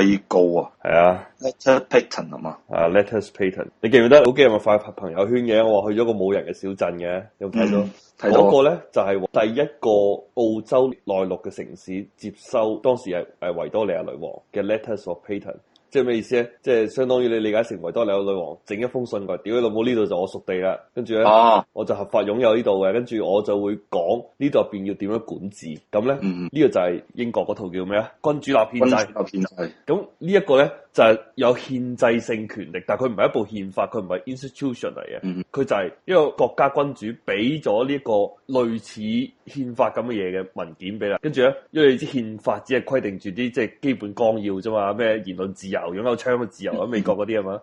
低高啊，係啊 Letters Patent 啊嘛，啊 Letters Patent 你記唔記得？好驚得咪發朋友圈嘅，我去咗個冇人嘅小鎮嘅，有冇睇到？睇、嗯、到嗰個咧就係、是、第一個澳洲內陸嘅城市接收當時係誒維多利亞女王嘅 Letters of Patent 即係咩意思咧？即係相當於你理解成維多利亞女王整一封信過，屌你老母呢度就我屬地啦，跟住咧，我就合法擁有呢度嘅，跟住我就會講呢度入邊要點樣管治，咁咧呢嗯嗯個就係英國嗰套叫咩啊？君主立憲制。君主立憲制。咁呢一個咧就係、是、有憲制性權力，但係佢唔係一部憲法，佢唔係 institution 嚟嘅，佢、嗯嗯、就係一個國家君主俾咗呢一個類似。憲法咁嘅嘢嘅文件俾啦，跟住咧，因為你知憲法只係規定住啲即係基本綱要啫嘛，咩言論自由、擁有槍嘅自由喺 美國嗰啲啊嘛，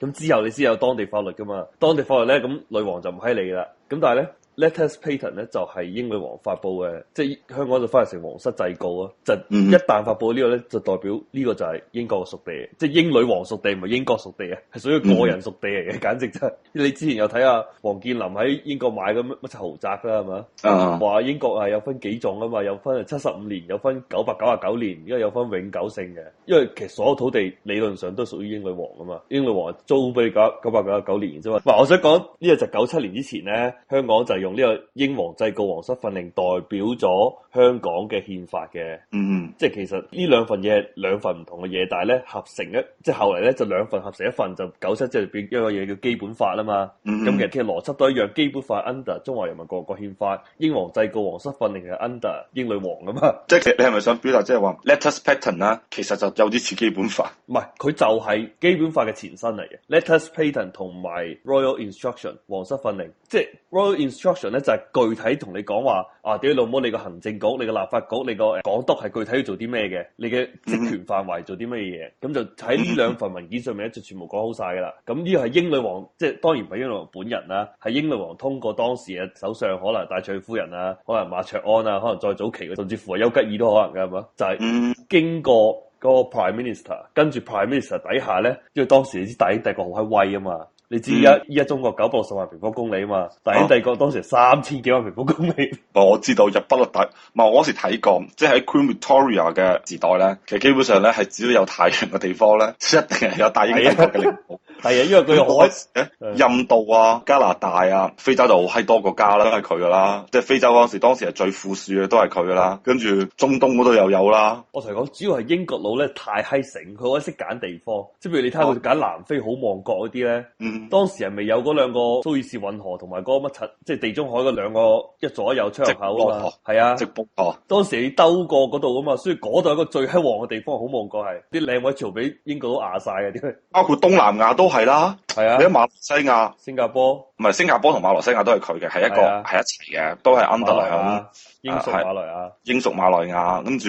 咁 之後你先有當地法律噶嘛，當地法律咧，咁女王就唔你理啦，咁但係咧。Letters Patent 咧就係、是、英女王發布嘅，即係香港就翻譯成皇室制誥啊！就一旦發布個呢個咧，就代表呢個就係英國嘅屬地，即係英女王屬地唔係英國屬地啊，係屬於個人屬地嚟嘅，簡直就係、是、你之前又睇下王健林喺英國買咁乜乜柒豪宅啦，係嘛？話、uh huh. 英國係有分幾種啊嘛，有分七十五年，有分九百九啊九年，因為有分永久性嘅，因為其實所有土地理論上都屬於英女王啊嘛，英女王租俾九九百九啊九年啫嘛。嗱，我想講呢、這個就九七年之前咧，香港就用。呢個英皇制告皇室訓令代表咗香港嘅憲法嘅，嗯、mm，hmm. 即係其實呢兩份嘢係兩份唔同嘅嘢，但係咧合成一，即係後嚟咧就兩份合成一份就九七即係變一個嘢叫基本法啦嘛。咁、mm hmm. 其實其實邏輯都一樣，基本法 under 中華人民共和國憲法，英皇制告皇室訓令係 under 英女王啊嘛。即係你係咪想表達即係話 l e t t s p a t t e r n letters patent 啦、啊，其實就有啲似基本法，唔係佢就係基本法嘅前身嚟嘅 letters patent 同埋 royal instruction 皇室訓令，即係 royal instruction。咧就係具體同你講話啊，屌老母，你個行政局、你個立法局、你個港督係具體要做啲咩嘅？你嘅職權範圍做啲乜嘢？咁就喺呢兩份文件上面咧就全部講好晒㗎啦。咁呢個係英女王，即係當然唔係英女王本人啦，係英女王通過當時嘅首相，可能戴翠夫人啊，可能馬卓安啊，可能再早期嘅，甚至乎丘吉爾都可能㗎，係嘛？就係、是、經過嗰個 prime minister，跟住 prime minister 底下咧，因為當時啲底帝國好閪威啊嘛。你知依家，依家中國九百六十萬平方公里啊嘛，大英帝國當時三千、啊、幾萬平方公里。 我知道日不落底，唔係我嗰時睇過，即係喺 Queen Victoria 嘅時代咧，其實基本上咧係只要有太陽嘅地方咧，一定係有大英帝國嘅領 係啊，因為佢有海誒，是印度啊，加拿大啊，非洲就好閪多國家啦，都係佢噶啦。即係非洲嗰陣時，當時係最富庶嘅，都係佢噶啦。嗯、跟住中東嗰度又有啦。我同你講，主要係英國佬咧太閪城，佢好識揀地方。即係譬如你睇下佢揀南非好望角嗰啲咧，啊、呢嗯，當時係未有嗰兩個蘇伊士運河同埋嗰乜柒，即係地中海嗰兩個一左右出入口啊嘛。係啊，直卜河。當時你兜過嗰度噶嘛，所以嗰度係一個最閪旺嘅地方，好望角係啲靚位全俾英國都壓晒嘅。包括東南亞都。都係啦，你喺、啊、馬來西亞、新加坡，唔係新加坡同馬來西亞都係佢嘅，係一個係、啊、一齊嘅，都係安得利啊，英屬馬來啊，英屬馬來亞，跟住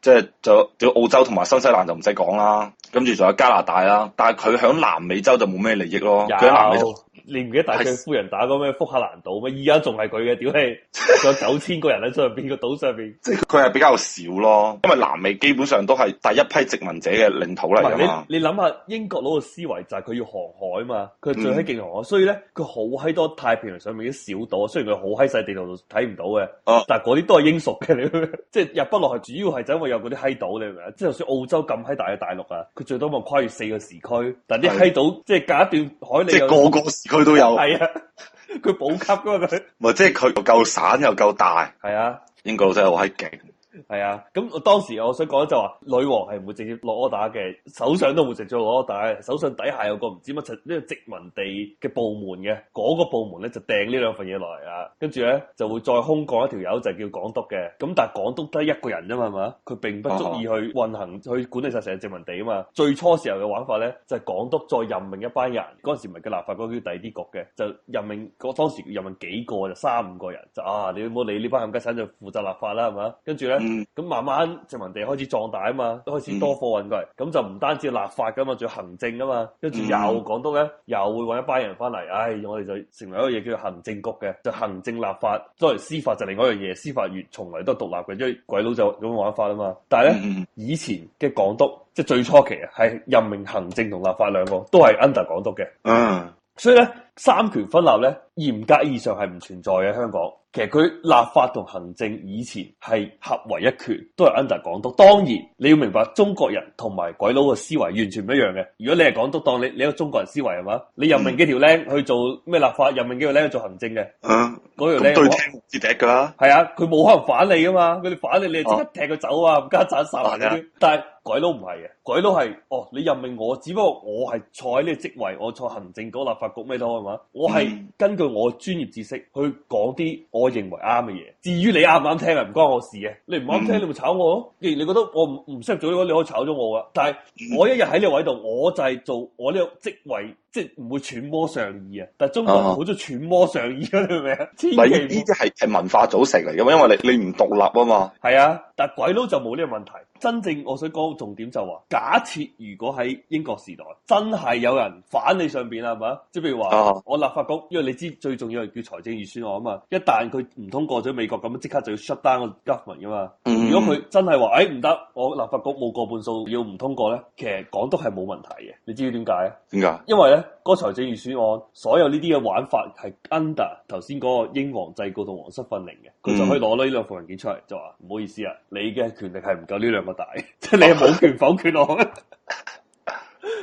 即係就就是、澳洲同埋新西蘭就唔使講啦，跟住仲有加拿大啦，但係佢響南美洲就冇咩利益咯，佢喺有南美洲。你唔記得戴卓爾夫人打過咩福克蘭島咩？依家仲係佢嘅屌氣，有九千個人喺上邊個 島上邊。即係佢係比較少咯，因為南美基本上都係第一批殖民者嘅領土嚟的的，你你諗下英國佬嘅思維，就係佢要航海啊嘛，佢最閪勁航海，嗯、所以咧佢好閪多太平洋上面啲小島。雖然佢好閪細地圖睇唔到嘅，但係嗰啲都係英屬嘅，你、啊、即係日不落係。主要係因為有嗰啲閪島，你明唔明？即係就算澳洲咁閪大嘅大陸啊，佢最多咪跨越四個時區，但啲閪島的即係隔一段海里有個個時。佢都有，係 啊，佢補級噶嘛佢。唔係即係佢夠散又夠大，係 啊，英國佬真係好閪勁。係啊，咁我當時我想講就話女王係唔會直接攞打嘅，首相都唔會直接攞打，首相底下有個唔知乜呢個殖民地嘅部門嘅，嗰、那個部門咧就掟呢兩份嘢落嚟啊，跟住咧就會再空降一條友就是、叫港督嘅，咁但係港督得一個人啫嘛，佢並不足以去運行去管理晒成個殖民地啊嘛，最初時候嘅玩法咧就係、是、港督再任命一班人，嗰陣時唔係嘅立法局叫弟弟局叫第二啲局嘅，就任命嗰當時要任命幾個就三五個人就啊，你唔好理呢班冚家鏟就負責立法啦，係嘛，跟住咧。咁慢慢殖民地開始壯大啊嘛，都開始多貨運過嚟，咁就唔單止立法噶嘛，仲要行政噶嘛，跟住又港督咧，又會搵一班人翻嚟，唉、哎，我哋就成立一個嘢叫做行政局嘅，就行政立法，作為司法就另外一樣嘢，司法員從來都係獨立嘅，即係鬼佬就咁玩法啊嘛。但係咧，以前嘅港督即係最初期啊，係任命行政同立法兩個都係 under 港督嘅，uh. 所以咧，三權分立咧嚴格意義上係唔存在嘅香港。其實佢立法同行政以前係合為一權，都係 under 港督。當然你要明白中國人同埋鬼佬嘅思維完全唔一樣嘅。如果你係港督，當你你一個中國人思維係咪？你任命幾條僆去做咩立法，任命幾條僆去做行政嘅、啊嗯。嗯，嗰條僆咁都要聽胡支笛噶。係啊，佢冇可能反你啊嘛，佢哋反你，你即刻踢佢走啊，唔加斬殺。啊、但係。鬼都唔係嘅，鬼都係哦！你任命我，只不過我係坐喺呢個職位，我坐行政局、立法局咩都係嘛，我係根據我專業知識去講啲我認為啱嘅嘢。至於你啱唔啱聽啊，唔關我事嘅。你唔啱聽，你咪炒我咯。既然你覺得我唔唔適合做呢個，你可以炒咗我啊！但係我一日喺呢個位度，我就係做我呢個職位。即係唔會揣摩上意啊！但係中國好中揣摩上意嗰、啊、你明唔明？係呢啲係係文化組成嚟，因為因為你你唔獨立啊嘛。係啊，但係鬼佬就冇呢個問題。真正我想講個重點就話，是，假設如果喺英國時代真係有人反你上邊啦，係嘛？即係譬如話，啊、我立法局，因為你知最重要係叫財政預算案啊嘛。一旦佢唔通過咗美國咁即刻就要 shut down 個 government 噶嘛。嗯、如果佢真係話誒唔得，我立法局冇過半數要唔通過咧，其實港督係冇問題嘅。你知唔知點解？點解？因為咧。嗰財政預算案，所有呢啲嘅玩法係 under 頭先嗰個英皇制誥同皇室訓令嘅，佢就可以攞呢兩份文件出嚟，就話唔好意思啊，你嘅權力係唔夠呢兩個大，即 係你係冇權否決我嘅，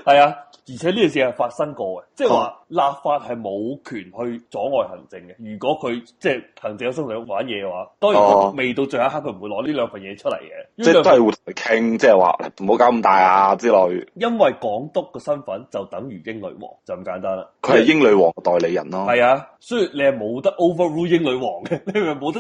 係 啊，而且呢件事係發生過嘅，即係話。 立法係冇權去阻礙行政嘅。如果佢即係行政有心想玩嘢嘅話，當然，然、啊、未到最後一刻佢唔會攞呢兩份嘢出嚟嘅。即係都係會同佢傾，即係話唔好搞咁大啊之類。因為港督嘅身份就等於英女王，就咁簡單啦。佢係英女王嘅代理人咯。係啊，所以你係冇得 overrule 英女王嘅， 你咪冇得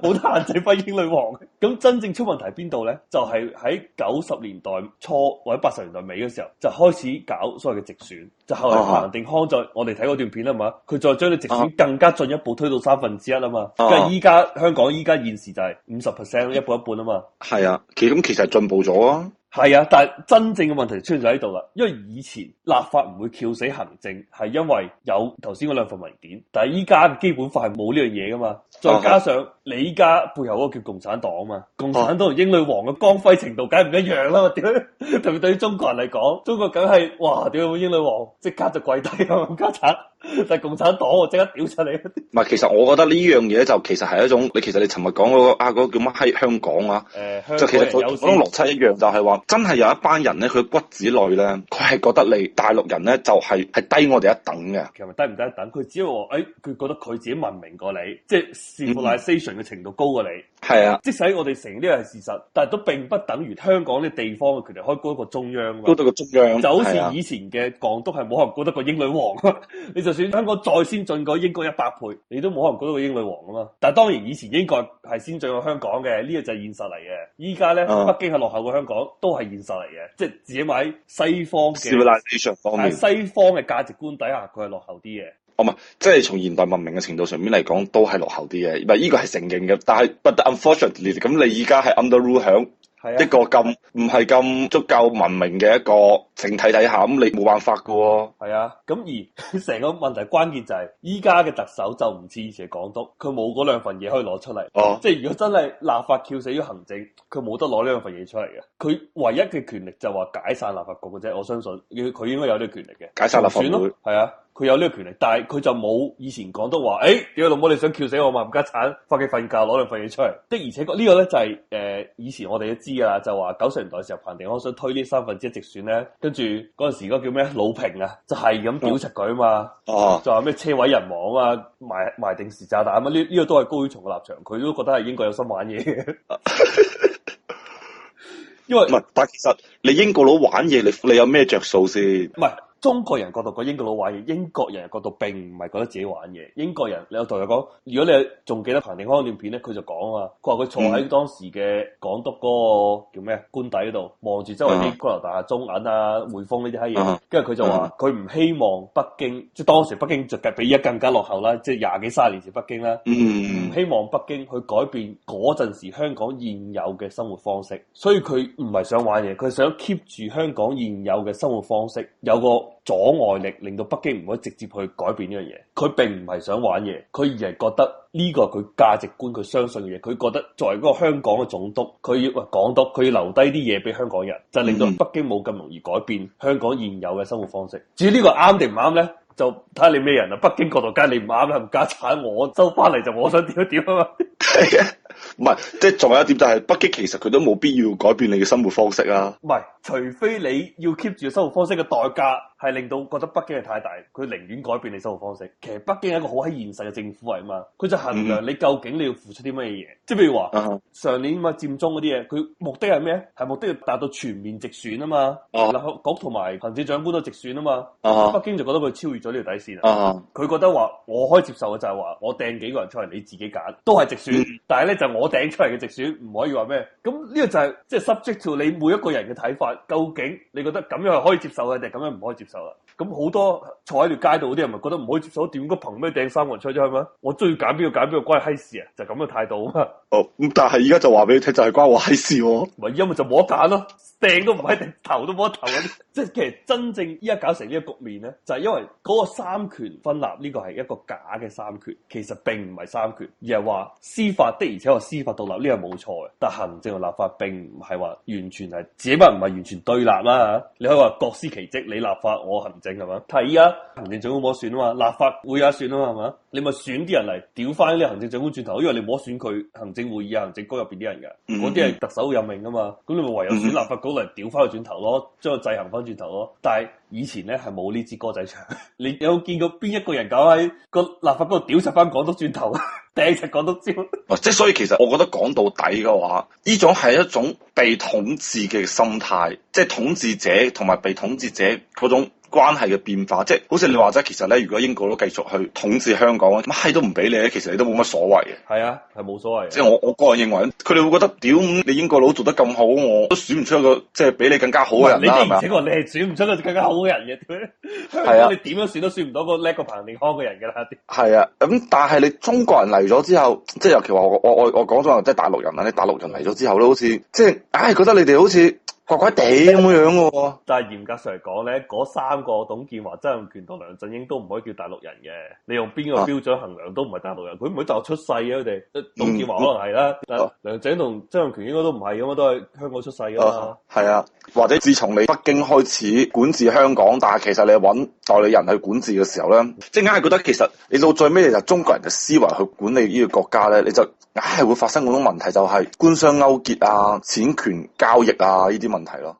冇 得限制翻英女王。咁真正出問題喺邊度咧？就係喺九十年代初或者八十年代尾嘅時候，就開始搞所謂嘅直選，就後來彭定康再。我哋睇嗰段片啊嘛，佢再將你直選更加進一步推到三分之一啊嘛，即係依家香港依家現時就係五十 percent 一半一半啊嘛，係啊， 其中其實進步咗啊。係啊，但真正嘅問題就出現喺度啦，因為以前立法唔會撬死行政，係因為有頭先嗰兩份文件，但係依家基本法係冇呢樣嘢噶嘛，再加上你而家背後嗰個叫共產黨嘛，共產黨同英女王嘅光輝程度梗係唔一樣啦，我屌！特 別對於中國人嚟講，中國梗係哇屌英女王，即刻就跪低就係共產黨，我即刻屌出你！唔係，其實我覺得呢樣嘢就其實係一種，你其實你尋日講嗰個啊叫乜喺香港啊，就其實有種邏輯一樣，就係話真係有一班人咧，佢骨子裏咧，佢係覺得你大陸人咧就係係低我哋一等嘅。其實低唔低一等，佢只要誒佢覺得佢自己文明過你，即係 civilisation 嘅程度高過你。係啊，即使我哋承認呢個係事實，但係都並不等於香港呢地方嘅權力可以高過中央。高得過中央，就好似以前嘅港督係冇可能高得過英女王。你就。就算香港再先進過英國一百倍，你都冇可能講到個英女王咁嘛。但係當然以前英國係先進過香港嘅，呢、這個就係現實嚟嘅。依家咧，嗯、北京係落後過香港，都係現實嚟嘅，即係自己喺西方嘅 civilisation 喺西方嘅價值觀底下，佢係落後啲嘅。哦，唔、嗯、係，即係從現代文明嘅程度上面嚟講，都係落後啲嘅。唔係呢個係承認嘅，但係，but unfortunately，咁你而家係 under rule 響。一個咁唔係咁足夠文明嘅一個整體底下，咁你冇辦法噶。係啊，咁、啊啊啊、而成個問題關鍵就係、是，依家嘅特首就唔似以前嘅港督，佢冇嗰兩份嘢可以攞出嚟。哦，即係如果真係立法翹死於行政，佢冇得攞呢兩份嘢出嚟嘅。佢唯一嘅權力就話解散立法局嘅啫。我相信佢應該有呢個權力嘅。解散立法會算咯，係啊。佢有呢個權力，但係佢就冇以前港督話誒，點解、欸、老母你想撬死我嘛？唔加產返屋企瞓覺，攞兩份嘢出嚟的。而且呢個咧就係、是、誒、呃，以前我哋都知噶啦，就話九十年代時候彭定康想推呢三分之一直選咧，跟住嗰陣時嗰個叫咩魯平啊，就係、是、咁表斥佢啊嘛哦，就話咩車毀人亡啊，埋埋定時炸彈啊呢呢、這個這個都係高宇崇嘅立場，佢都覺得係英國有心玩嘢。 因為唔係，但其實你英國佬玩嘢，你你有咩着數先？唔係。中國人角度個英國佬玩嘢，英國人角度並唔係覺得自己玩嘢。英國人，你有同佢講，如果你仲記得彭定康啲片咧，佢就講、嗯、啊，佢話佢坐喺當時嘅港督嗰個叫咩官邸嗰度，望住周圍啲高樓大廈、中銀啊、匯豐呢啲閪嘢，跟住佢就話佢唔希望北京，即係當時北京就比而家更加落後啦，即係廿幾卅年前北京啦，唔、嗯、希望北京去改變嗰陣時香港現有嘅生活方式，所以佢唔係想玩嘢，佢想 keep 住香港現有嘅生活方式，有個阻礙力令到北京唔可以直接去改變呢樣嘢，佢並唔係想玩嘢，佢而係覺得呢個係佢價值觀，佢相信嘅嘢，佢覺得作為嗰個香港嘅總督，佢要喂，港督，佢要留低啲嘢俾香港人，就係、令到北京冇咁容易改變香港現有嘅生活方式。至於呢個啱定唔啱咧，就睇下你咩人啦、啊。北京角度梗係你唔啱啦，唔加產我收翻嚟就我想點就點啊嘛。係啊。唔係，即係仲有一點，就係北京其實佢都冇必要改變你嘅生活方式啊。唔係，除非你要 keep 住生活方式嘅代價，係令到覺得北京係太大，佢寧願改變你生活方式。其實北京係一個好喺現實嘅政府啊嘛，佢就衡量你究竟你要付出啲乜嘢。即係譬如話、uh huh. 上年嘛佔中嗰啲嘢，佢目的係咩？係目的要達到全面直選啊嘛。啊、uh，huh. 立法局同埋行政長官都直選啊嘛。Uh huh. 北京就覺得佢超越咗呢條底線啊。佢、uh huh. 覺得話我可以接受嘅就係話我掟幾個人出嚟，你自己揀都係直選，uh huh. 但係咧我掟出嚟嘅直選唔可以話咩？咁呢個就係、是、即係、就是、subject to 你每一個人嘅睇法，究竟你覺得咁樣係可以接受嘅，定係咁樣唔可以接受啦？咁好多坐喺條街度嗰啲人咪覺得唔可以接受，點解憑咩掟三環出啫？去？咩我最揀邊個揀邊個關閪事啊？就咁嘅態度嘛。咁但係而家就話俾你聽，就係、是、關我閪事喎。唔係，因為就冇得揀咯，掟都冇得掟，頭都冇得頭。即係 其實真正依家搞成呢個局面咧，就係、是、因為嗰個三權分立呢、這個係一個假嘅三權，其實並唔係三權，而係話司法的，而且話司法獨立呢個冇錯嘅。但行政同立法並唔係話完全係，只不過唔係完全對立啦、啊。你可以話各司其職，你立法我行政係嘛？睇啊，行政長官冇得選啊嘛，立法會也選啊嘛係嘛？你咪選啲人嚟屌翻呢個行政長官轉頭，因為你冇得選佢行政。會議啊，政局入邊啲人嘅，嗰啲係特首任命噶嘛，咁你咪唯有選立法局嚟屌翻佢轉頭咯，將佢制衡翻轉頭咯。但係以前咧係冇呢支歌仔唱，你有見過邊一個人搞喺個立法局屌殺翻港督轉頭，第一隻港督招？即係所以其實我覺得講到底嘅話，呢種係一種被統治嘅心態，即係統治者同埋被統治者嗰種。關係嘅變化，即係好似你話齋，其實咧，如果英國佬繼續去統治香港，乜閪都唔俾你咧，其實你都冇乜所謂嘅。係啊，係冇所謂嘅。即係我，我個人認為，佢哋會覺得屌，你英國佬做得咁好，我都選唔出一個即係比你更加好嘅人你都唔知喎，你係選唔出一個更加好人嘅，係、嗯、 啊，你點樣選都選唔到個叻過彭定康嘅人㗎啦。係啊，咁、 啊嗯、但係你中國人嚟咗之後，即係尤其話我我我，我，我講咗話，即係大陸人啦，你大陸人嚟咗之後咧，好似即係唉，覺得你哋好似。怪怪地咁樣嘅喎，啊，但係嚴格上嚟講咧，嗰三個董建華、曾蔭權同梁振英都唔可以叫大陸人嘅。你用邊個標準衡量都唔係大陸人，佢唔喺大陸出世嘅佢哋。董建華可能係啦，嗯嗯，梁振英同曾蔭權應該都唔係咁啊，都係香港出世噶啦。係啊，啊，或者自從你北京開始管治香港，但係其實你揾代理人去管治嘅時候咧，即係硬係覺得其實你到最尾就中國人嘅思維去管理呢個國家咧，你就硬係，哎，會發生嗰種問題，就係官商勾結啊、錢權交易啊呢啲。問題咯。